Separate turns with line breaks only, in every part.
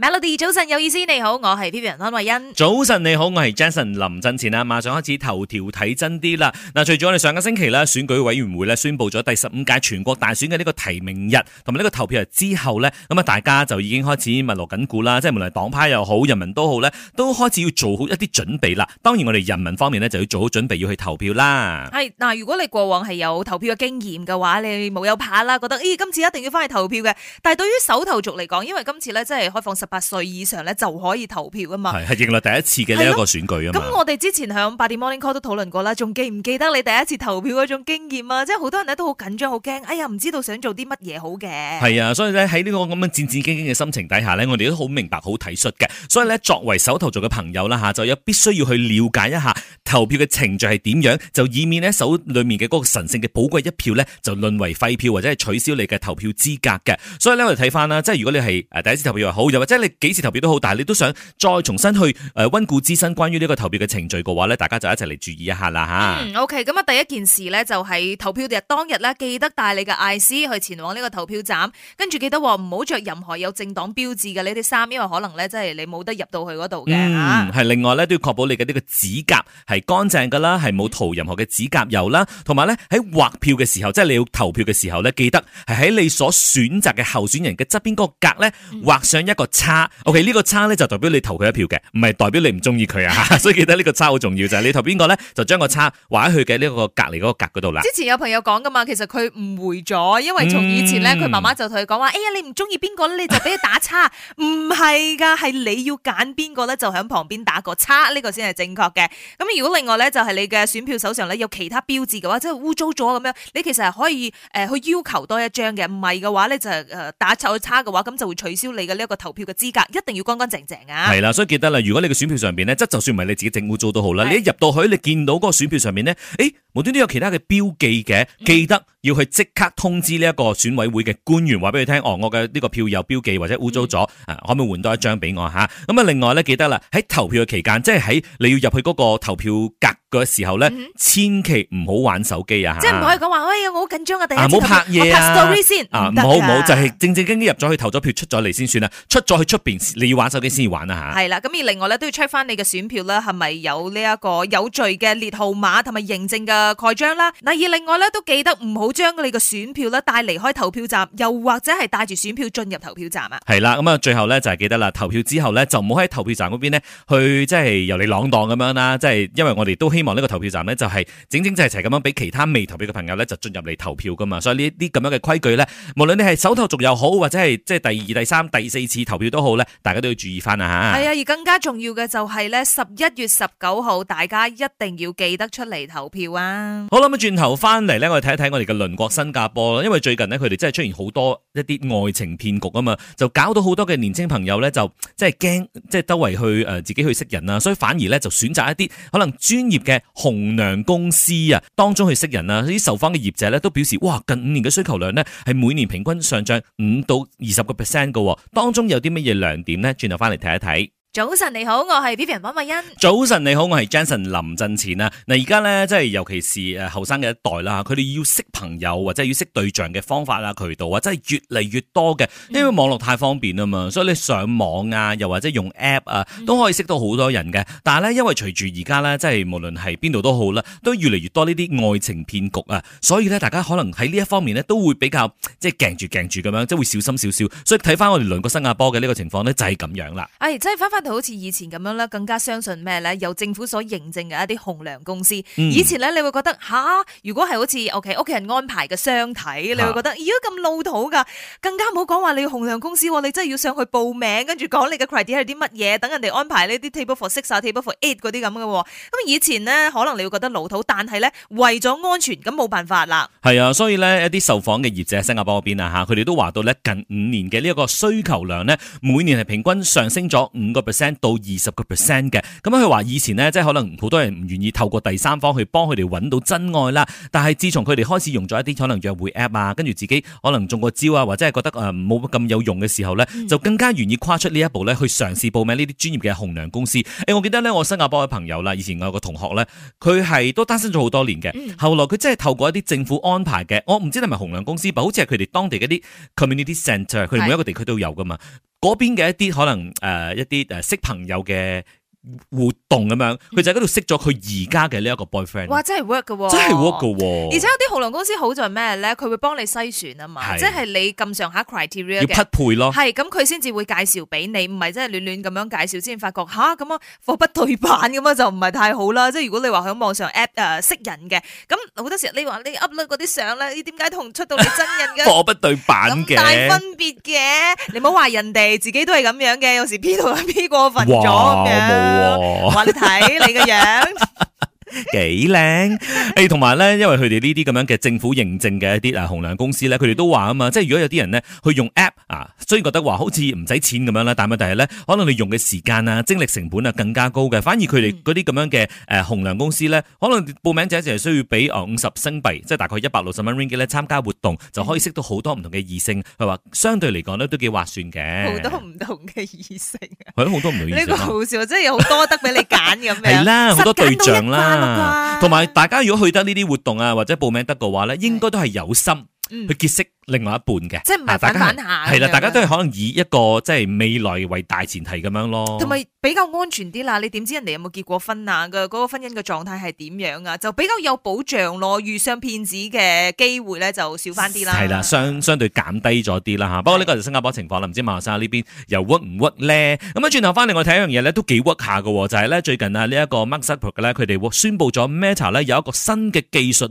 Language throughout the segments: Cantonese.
Melody，早晨有意思，你好，我係 P P R 安慧欣。
早晨你好，我係 Jason，林振前啊，馬上開始頭條睇真啲啦。嗱，隨住我哋上個星期咧，選舉委員會咧宣布咗第十五屆全國大選嘅呢個提名日同埋呢個投票日之後呢，咁啊，大家就已經開始密鑼緊鼓啦。即係無論黨派又好，人民都好呢，都開始要做好一啲準備啦。當然，我哋人民方面呢，就要做好準備要去投票啦。
係嗱，如果你過往係有投票嘅經驗嘅話，你冇有怕啦？覺得咦、哎，今次一定要翻去投票嘅？但係對於手頭族嚟講，因為今次呢，真係開放十八歲以上咧就可以投票㗎嘛，是的，係係
迎來第一次嘅呢一個選舉啊嘛。咁我
哋之前響八點 morning call 都討論過啦，仲記唔記得你第一次投票嗰種經驗啊？即係好多人咧都好緊張、好驚，哎呀唔知道想做啲乜嘢好嘅。
係啊，所以咧喺呢個咁樣戰戰兢兢嘅心情底下咧，我哋都好明白、好體恤嘅。所以咧，作為首投族嘅朋友啦吓，就有必須要去了解一下投票嘅程序係點樣，就以免咧手裏面嘅嗰個神聖嘅寶貴一票咧就淪為廢票或者係取消你嘅投票資格嘅。所以咧，我哋睇返啦，即係如果你係誒第一次投票又好，又或者。你幾次投票都好，但係你都想再重新去誒溫故知新，關於呢個投票嘅程序嘅話咧，大家就一齊嚟注意一下啦吓。嗯
，OK，咁啊，第一件事咧就係、是、投票日當日咧，記得帶你嘅 IC 去前往呢個投票站，跟住記得唔好着任何有政黨標誌嘅呢啲衫，因為可能咧即係你冇得入到去嗰度
嘅。嗯，係另外咧都要確保你嘅呢個指甲係乾淨噶啦，係冇塗任何嘅指甲油啦，同埋咧喺劃票嘅時候，即係你要投票嘅時候咧，記得係喺你所選擇嘅候選人嘅側邊嗰個格咧劃上一個叉，OK 呢個叉咧就代表你投佢一票嘅，唔係代表你唔中意佢啊， 所以記得呢個叉好重要就係、是、你投邊個咧，就將個叉畫喺佢嘅呢個隔籬嗰個格嗰度啦。之
前有朋友講噶嘛，其實佢誤會咗，因為從以前咧，佢媽媽就同佢講話，哎呀，你唔中意邊個你就俾佢打叉，唔係噶，係你要揀邊個咧就響旁邊打個叉，呢、這個先係正確嘅。咁如果另外咧就係你嘅選票手上咧有其他標誌嘅話，即係污糟咗咁樣，你其實係可以誒去、呃、要求多一張嘅，唔係嘅話咧就誒打錯叉嘅話，咁就，就會取消你嘅呢一個投票嘅。資格一定要乾乾淨淨啊！係
啦，所以記得啦，如果你嘅選票上邊咧，即就算唔係你自己整污糟都好啦，你一入到去，你見到嗰個選票上面咧，誒、欸，無端端有其他嘅標記嘅，記得。要去即刻通知呢一個選委會嘅官員，話俾佢聽，哦，我嘅呢個票有標記或者污糟咗，啊，可唔可以換多一張俾我吓？咁啊，另外咧，記得啦，喺投票嘅期間，即係喺你要入去嗰個投票格嘅時候咧、嗯，千祈唔好玩手機啊！即係唔可以
講話，哎呀，我好緊張啊，第一次，啊，唔好拍嘢啦、啊，唔好唔好，啊啊、就係、是、
正正經經入咗去投咗票出來，出咗嚟先算啦，出咗去出邊你要玩手機先至玩啦吓。係、
嗯、啦，咁而另外咧都要 check 翻你嘅選票咧係咪有呢一個有序嘅列號碼同埋認證嘅蓋章啦。嗱，而另外咧都記得唔好。冇將你嘅選票咧帶離開投票站，又或者係帶住選票進入投票站啊！
係啦，咁啊，最後咧就係記得啦，投票之後咧就唔好喺投票站嗰邊呢去即係由你浪蕩咁樣啦，即係因為我哋都希望呢個投票站呢就係整整齊齊咁樣俾其他未投票嘅朋友咧就進入嚟投票噶嘛，所以呢啲咁樣嘅規矩咧，無論你係手頭續又好，或者係即係第二、第三、第四次投票都好咧，大家都要注意翻啊吓！
係啊，而更加重要嘅就係咧十一月十九號，大家一定要記得出嚟投票啊！
好啦，咁轉頭翻嚟咧，我哋睇一睇我哋嘅。鄰國新加坡因為最近呢，佢哋真係出現好多一啲愛情騙局啊嘛，就搞到好多嘅年輕朋友呢，就即係驚，即係周圍去誒自己去識人啊，所以反而呢，就選擇一啲可能專業嘅紅娘公司啊當中去識人啊，啲受訪嘅業者呢，都表示，哇，近五年嘅需求量呢，係每年平均上漲五到二十個 percent 㗎，當中有啲乜嘢亮點呢？轉頭翻嚟睇一睇。
早晨你好，我係 P P R 馬慧欣。
早晨你好，我係 Jenson 林振前啊。嗱而家咧，即係尤其是誒後生嘅一代啦，佢哋要識朋友或者要識對象嘅方法啊、渠道啊，真係越嚟越多嘅。因為網絡太方便啊嘛、嗯，所以你上網啊，又或者用 App 啊，都可以識到好多人嘅。但係咧，因為隨住而家咧，即係無論係邊度都好啦，都越嚟越多呢啲愛情騙局啊，所以咧大家可能喺呢一方面咧都會比較即係驚住驚住咁樣，即係會小心少少。所以睇翻我哋鄰國新加坡嘅呢個情況咧，就係、是、咁樣啦。誒、
哎，即係翻翻。好似以前咁樣咧，更加相信咩咧？由政府所認證嘅一啲紅娘公司。嗯、以前咧，你會覺得吓，如果係好似屋企屋企人安排嘅相睇，你會覺得而果咁老土噶，更加唔好講話你紅娘公司，你真係要上去報名，跟住講你嘅 credit 係啲乜嘢，等人哋安排呢啲 table for six 啊，table for eight 嗰啲咁嘅。咁以前呢，可能你會覺得老土，但係咧，為咗安全，咁冇辦法啦。
係啊，所以咧一啲受訪嘅業者喺新加坡嗰邊啊嚇，佢哋都話到咧，近五年嘅呢一個需求量咧，每年係平均上升咗五個 percent 到二十個 percent 嘅，咁佢話以前呢，即係可能好多人唔願意透過第三方去幫佢哋揾到真愛啦。但係自從佢哋開始用咗一啲可能約會 app 啊，跟住自己可能中個招啊，或者係覺得誒冇咁有用嘅時候呢，就更加願意跨出呢一步呢，去嘗試報名呢啲專業嘅紅娘公司。誒、欸，我記得呢，我新加坡嘅朋友啦，以前我有個同學呢，佢係都單身咗好多年嘅，後來佢真係透過一啲政府安排嘅，我唔知係咪紅娘公司吧，好似係佢哋當地啲 community center，佢哋每一個地區都有噶嘛。嗰邊嘅一啲可能誒一啲誒識朋友嘅。活動咁樣，佢就喺度識咗佢而家嘅呢一個 boyfriend。哇，
真係 work 噶、啊，真係 work 噶、
啊。而且有
啲互聯網公司好在咩咧？佢會幫你篩選啊嘛，即係、就是、你咁上下 criteria 要匹配咯。係，咁佢先至會介紹俾你，唔係真係亂亂咁樣介紹先發覺吓咁啊貨不對版咁啊就唔係太好啦。即係如果你話喺網上 app 誒、uh, 識人嘅，咁好多時候你話你 upload 嗰啲相咧，你點解同出到嚟真人嘅貨
不對版嘅？大分
別嘅？你唔好話人哋自己都係咁樣嘅，有時候 P 同唔 P 過分咗咁哇，哇！你睇你個樣
幾靚， 誒，同埋咧，因為佢哋呢啲咁樣嘅政府認證嘅一啲誒紅娘公司咧，佢哋都話啊嘛，即係如果有啲人咧去用 app。啊，雖然覺得話好似唔使錢咁樣啦，但係但係咧，可能你用嘅時間啊、精力成本啊更加高嘅，反而佢哋嗰啲咁樣嘅誒紅娘公司咧，可能報名者淨係需要俾五十星幣，即係大概一百六十蚊 Ringgit 咧參加活動，就可以識到好多唔同嘅異性。佢話相對嚟講咧都幾划算嘅，好多唔
同嘅異性
啊，係好多唔同異性、啊。呢個好
笑，即係有好多得俾你揀咁樣，係 啦，好多對
象啦。同埋大家如果去得呢啲活動啊或者報名得嘅話咧，應該都係有心。嗯、去結識另外一半嘅，即係唔係玩玩下，係、啊、啦，大家都係可能以一個即係、就是、未來為大前提咁樣咯，同埋
比較安全啲啦。你點知人哋有冇結過婚啊？嘅、那、嗰個婚姻嘅狀態係點樣啊？就比較有保障咯，遇上騙子嘅機會咧就少翻啲啦。係
啦，相相對減低咗啲啦吓。不過呢個係新加坡情況啦，唔知馬鞍山呢邊又 work 唔 work 咧？咁啊，轉頭翻嚟我睇一樣嘢咧，都幾 work 下嘅，就係、是、咧最近啊呢一個 Mark Zuckerberg 嘅咧，佢哋宣布咗 Meta 咧有一個新嘅技術，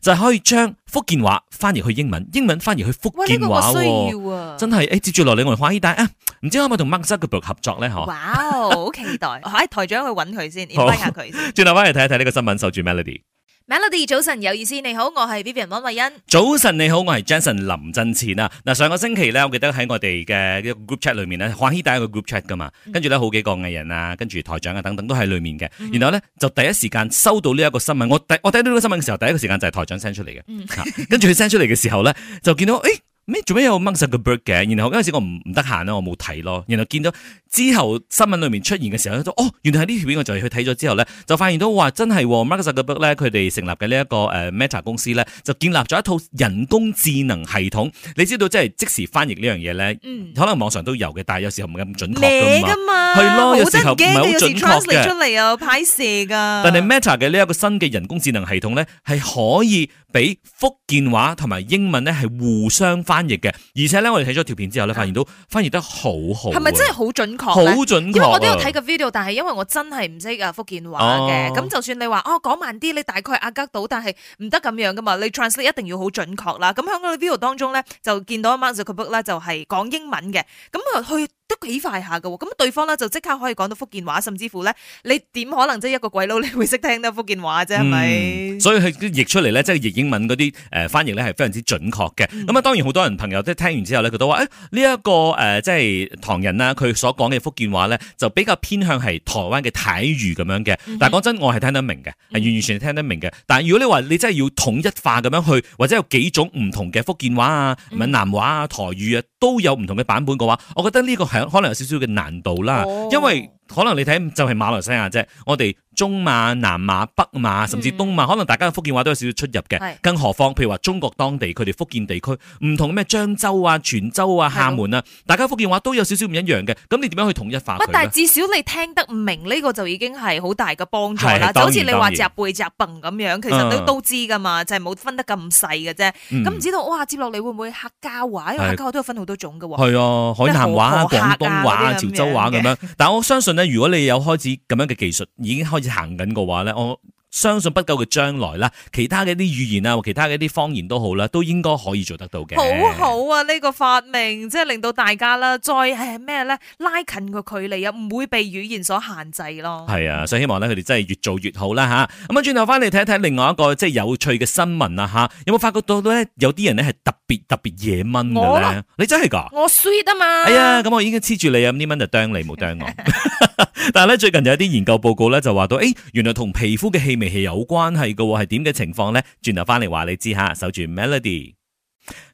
就係、是、可以將。福建話翻譯去英文，英文翻譯去福建話，這個啊，真係誒、哎！接住落嚟我哋看依帶啊，唔知可唔可以同 Mark Zuckerberg 合作咧？嗬、
啊！哇哦，好期待！喺 台長去揾佢先，歡迎下佢。
轉頭翻嚟睇一睇呢個新聞，受住 Melody。
Melody 早晨，有意思，你好，我係 Vivian 溫慧欣。
早晨你好，我係 Jason 林振前啊。嗱，上個星期咧，我記得喺我哋嘅一個 group chat 裏面咧，《康熙》第一個 group chat 噶嘛，跟住咧好幾個藝人啊，跟住台長啊等等都喺裏面嘅、嗯。然後咧就第一時間收到呢一個新聞，我第我睇到呢個新聞嘅時候，第一個時間就係台長 send 出嚟嘅。跟住佢 send 出嚟嘅時候咧， 就見到誒。哎咩做咩有 Mark Zuckerberg 嘅嘅？然後嗰陣時我唔唔得閒啦，我冇睇咯。然後見到之後新聞裏面出現嘅時候咧，就哦，原來係呢條片，我就去睇咗之後咧，就發現到話真係 Mark Zuckerberg 咧，佢哋成立嘅呢一個誒 Meta 公司咧，就建立咗一套人工智能系統。你知道即係即時翻譯呢樣嘢咧？嗯、可能網上都有嘅，但係有時候唔係咁準確噶嘛。係、嗯、咯，有時候唔係好準確出嚟
啊，派蛇噶。但係
Meta 嘅呢一個新嘅人工智能系統咧，係可以。俾福建話同埋英文咧係互相翻譯嘅，而且咧我哋睇咗條片之後咧，發現到翻譯得好好。係咪真係
好準確？好準確。因為我都有睇個 video，但係因為我真係唔識啊福建話嘅，咁、啊、就算你話哦講慢啲，你大概壓格到，但係唔得咁樣噶嘛。你 translate 一定要好準確啦。咁喺我嘅 video 當中咧，就見到阿 Mark Zuckerberg 咧就係講英文嘅，咁啊去都幾快下嘅，咁對方咧就即刻可以講到福建話，甚至乎咧你點可能即係一個鬼佬你會識聽得福建話啫？係咪、嗯？
所以佢啲譯出嚟咧，即、就、係、是、譯。英文嗰啲誒翻譯咧係非常之準確嘅，咁啊當然好多人朋友都聽完之後咧，佢都話：誒呢一個誒、呃、即係唐人啊，佢所講嘅福建話咧就比較偏向係台灣嘅台語咁樣嘅、嗯。但係講真，我係聽得明嘅，係、嗯、完完全聽得明嘅。但係如果你話，你真係要統一化咁樣去，或者有幾種唔同嘅福建話啊、唔、嗯、係南話啊、台語啊，都有唔同嘅版本嘅話，我覺得呢個係可能有少少嘅難度啦、哦，因為可能你睇就係、是、馬來西亞啫，我哋。中馬、南馬、北馬，甚至東馬，嗯、可能大家嘅福建話都有少少出入嘅、嗯。更何況，譬如話中國當地佢哋福建地區唔同咩漳州啊、泉州啊、廈門啊，大家福建話都有少少唔一樣嘅。咁你點樣去統一化佢？但係至
少你聽得唔明呢、呢個就已經係好大嘅幫助啦。就好似你話夾背夾笨咁樣，其實你都知噶嘛，嗯、就係、係、冇分得咁細嘅啫。咁、嗯、唔知道哇，接落嚟會唔會客家話？因為客家話都有分好多種嘅喎。係啊，海南話、廣東話、這些些潮州話咁樣。
但我相信呢，如果你有開始咁樣嘅技術， 已經開始。行緊嘅話咧，我相信不久嘅將來啦，其他嘅一啲語言啊，或者其他嘅一啲方言都好啦，都應該可以做得到嘅。好好
啊，呢個發明即係令到大家啦，再係咩咧拉近個距離啊，唔會被語言所限制咯。
係、嗯、啊，所以希望咧佢哋真係越做越好啦吓。咁啊，轉頭翻嚟睇一睇另外一個即係有趣嘅新聞啊吓，有冇發覺到咧有啲人咧係特？別特別惹蚊嘅咧，你真係噶？
我衰啊嘛！哎呀，
咁我已經黐住你啊，呢蚊就啄你冇啄我。 但係咧，最近就有啲研究報告咧就話到，誒、欸，原來同皮膚嘅氣味係有關係嘅，係點嘅情況咧？轉頭翻嚟話你知吓，守住 Melody。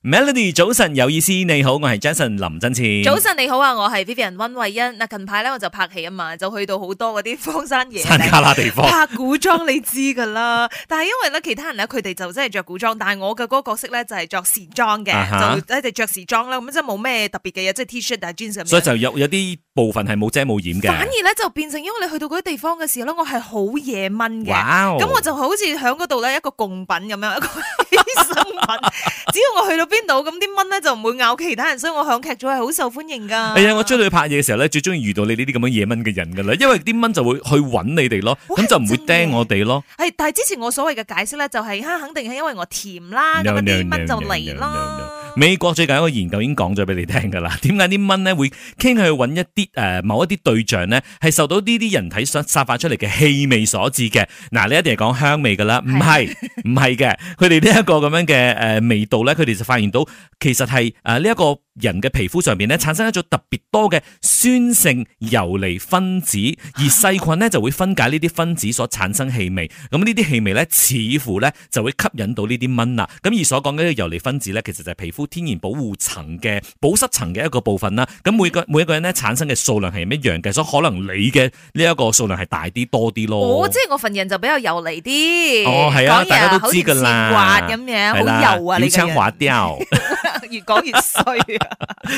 Melody，早晨有意思，你好，我係 Jason 林真前。早晨
你好啊，我係 Vivian 溫慧欣。嗱近排咧我就拍戲啊嘛，就去到好多嗰啲荒山野山卡拉地方拍古裝，你知噶啦。 但係因為咧其他人咧，佢哋就真係着古裝，但係我嘅嗰個角色咧就係着時裝嘅，uh-huh. 就一直着時裝啦。咁即係冇咩特別嘅嘢，即係 T 恤但係 jeans 咁。所以
就有有啲部分係冇遮冇掩嘅。反
而咧就變成，因為你去到嗰啲地方嘅時候咧，我係好惹蚊嘅，咁、wow、我就好似喺嗰度咧一個貢品咁樣，一個犧牲品。 只要我去到到咁啲蚊咧就唔會咬其他人，所以我響劇組係好受歡迎噶。係
啊，我出去拍嘢嘅時候咧，最中意遇到你呢啲咁樣嘢蚊嘅人噶啦，因為啲蚊就會去搵你哋咯，咁就唔會叮我哋咯。
係，但係之前我所謂嘅解釋咧、就是，就係肯定係因為我甜啦，咁啲蚊就嚟咯。
美國最近一個研究已經講咗俾你聽㗎啦，點解啲蚊咧會傾去揾一啲誒、呃、某一啲對象咧，係受到呢啲人體所散發出嚟嘅氣味所致嘅。嗱、呃，你一定係講香味㗎啦，唔係唔係嘅，佢哋呢一個咁樣嘅誒、呃、味道咧，佢哋就發現到其實係誒呢一個人嘅皮膚上邊咧，產生一種特別多嘅酸性游離分子，而細菌咧就會分解呢啲分子所產生氣味，咁呢啲氣味咧似乎咧就會吸引到呢啲蚊啦。咁而所講嘅游離分子咧，其實就係皮膚天然保護層嘅保濕層嘅一個部分啦。咁每個每一個人咧，產生嘅數量係唔一樣嘅，所以可能你嘅呢一個數量係大啲多啲咯。我、哦、即係
我份人就比較游離啲。哦，係啊，大家都知噶啦。係好滑樣啊好油啊，你嘅油。一槍滑掉。 越
講越衰啊！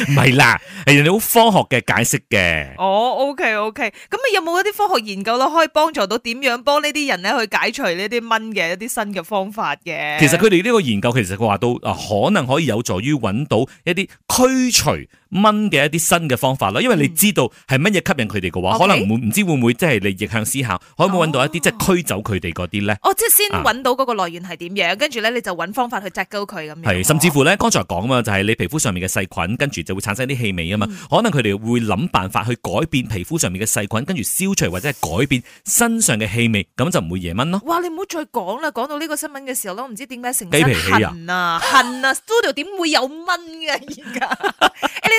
唔係啦，係你好科學嘅解釋嘅。哦
，oh，OK OK，咁啊，有冇一啲科學研究都可以幫助到點樣幫呢啲人咧去解除呢啲蚊嘅一啲新嘅方法嘅？其實佢
哋呢個研究其實佢話到啊，可能可以有助於搵到一啲驅除。蚊嘅一啲新嘅方法咯，因為你知道係乜嘢吸引佢哋嘅話，Okay? 可能會唔知會唔會即係你逆向思考，可唔可搵到一啲、oh. 即係驅走佢哋嗰啲咧？哦、oh,，即係先搵
到嗰個來源係點樣，跟住咧你就搵方法去摘鳩佢咁樣。
係，甚至乎咧，剛才講啊，就係、是、你皮膚上面嘅細菌，跟住就會產生啲氣味啊嘛。Oh. 可能佢哋會諗辦法去改變皮膚上面嘅細菌，跟住消除或者係改變身上嘅氣味，咁就唔會惹蚊咯。哇，
你唔好再講啦，講到呢個新聞嘅時候咧，唔知點解成啊痕啊 Studio 點、啊啊、 會有蚊嘅而家？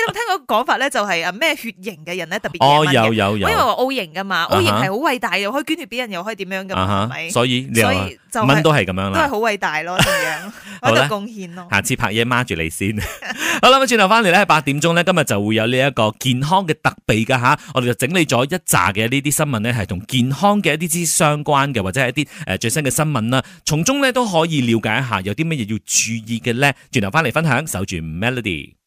有 冇聽過講法咧？就係啊，咩血型嘅人咧特別？哦，有有有，因為我 O 型噶嘛、uh-huh.，O 型係好偉大嘅，又可以捐血俾人，又可以點樣咁、uh-huh.，係咪？所
以你所以就蚊都係咁樣啦，都係
好偉大咯，咁樣好貢獻咯。
下次拍嘢 mark 住你先。 好啦，咁轉頭翻嚟咧，八點鐘咧，今日就會有呢一個健康嘅特備噶吓， 我哋就整理咗一紮嘅呢啲新聞咧，係同健康嘅一啲相關嘅，或者係一啲誒最新嘅新聞啦。從中咧都可以了解一下有啲乜嘢要注意嘅咧。轉頭翻嚟分享，守住 Melody。